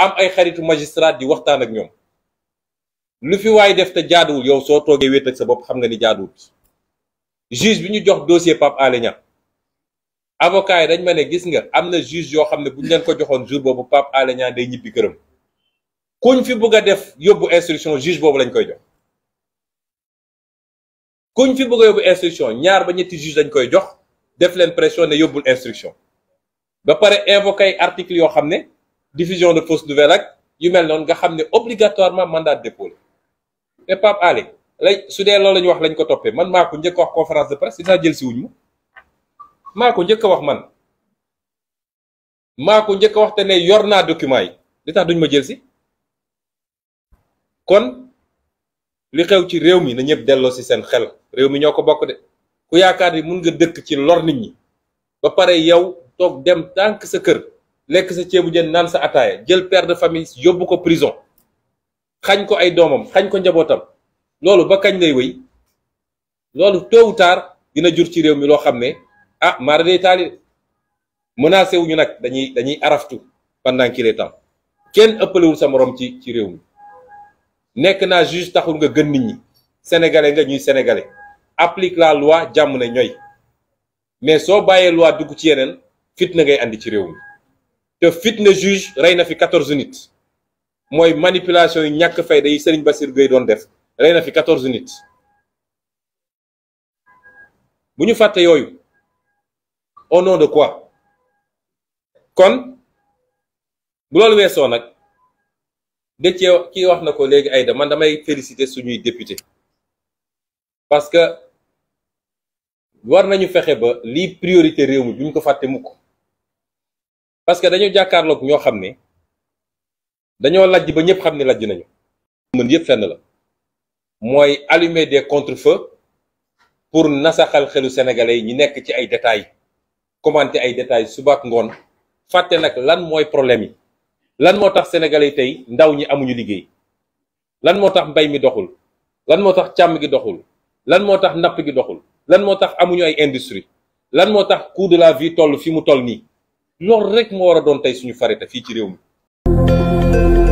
am ay xaritu magistrat di waxtaan ak ñoom lu fi waay def te jaaduwul yow soo toogee wéet ak sa bopp xam nga ni jaaduwul juge bi ñu jox dossier Pape Alé Niang avocat yi dañ ma ne gis nga am na juge yoo xam ne bu ñu leen ko joxoon jour boobu Pape Alé Niang day ñibbi këram kuñ fi bëgg a def yóbbu instruction juge boobu lañ koy jox kuñ fi bëgg a yóbbu instruction ñaar ba ñetti juge dañ koy jox def leen pression ne yóbbul instruction ba pare invoqué ay yoo xam ne diffusion de fausse nouvelle ak yu mel noonu nga xam ne obligatoirement mandat de dépôt la te Pape Alé lay su dee loolu la wax lañ ko toppee man maa ko njëkk wax conférence de presse si saa jël si wuñ ma maa ko wax man maa njëkk wax te yor naa document yi li tax duñ ma jël si kon li xew ci réew mi na ñëpp delloo si seen xel réew mi ñoo ko bokk de ku yaakaar ni mun nga dëkk ci lor nit ñi ba pare yow toog dem tànk sa kër. lekk sa ceebu jën naan sa ataaya jël père de famille yóbbu ko prison xañ ko ay doomam xañ ko njabootam loolu ba kañ lay wéy loolu tôt ou tard dina jur ci réew mi loo xam ne ah mara day taali menacé wuñu nag dañuy dañuy araftu pendant qu'il est temps kenn ëppalewul sa morom ci ci réew mi nekk naa juge taxul nga gën nit ñi sénégalais nga ñuy sénégalais applique la loi jàmm ne ñooy mais soo bàyyee loi dugg ci yeneen fit na ngay andi ci réew mi te fitna juge rey na fi quatorze nit mooy manipulation yu ñàkk fayda yi Serigne Bassirou Gueye doon def rey na fi quatorze nit bu ñu fàtte yooyu au nom de quoi kon bu loolu weesoo nag de ki wax na ko léegi Aïda man damay féliciter suñuy député parce que war nañu fexe ba lii priorité réew mi bu ñu ko fàtte mukk parce que dañu jàkkaarloog ñoo xam ne dañoo lajj ba ñëpp xam ne lajj nañu mën yëpp fenn la mooy allumer des contre-feux pour nasaxal xelu sénégalais yi ñu nekk ci ay détails commenter ay détails suba ak ngoon fàtte nag lan mooy problème yi lan moo tax sénégalais yi tey ndaw ñi amuñu liggéey lan moo tax mbay mi doxul lan moo tax càmm gi doxul lan moo tax napp gi doxul lan moo tax amuñu ay industrie lan moo tax coût de la vie toll fi mu toll nii loolu rek moo war a doon tey suñu farita fii ci réew mi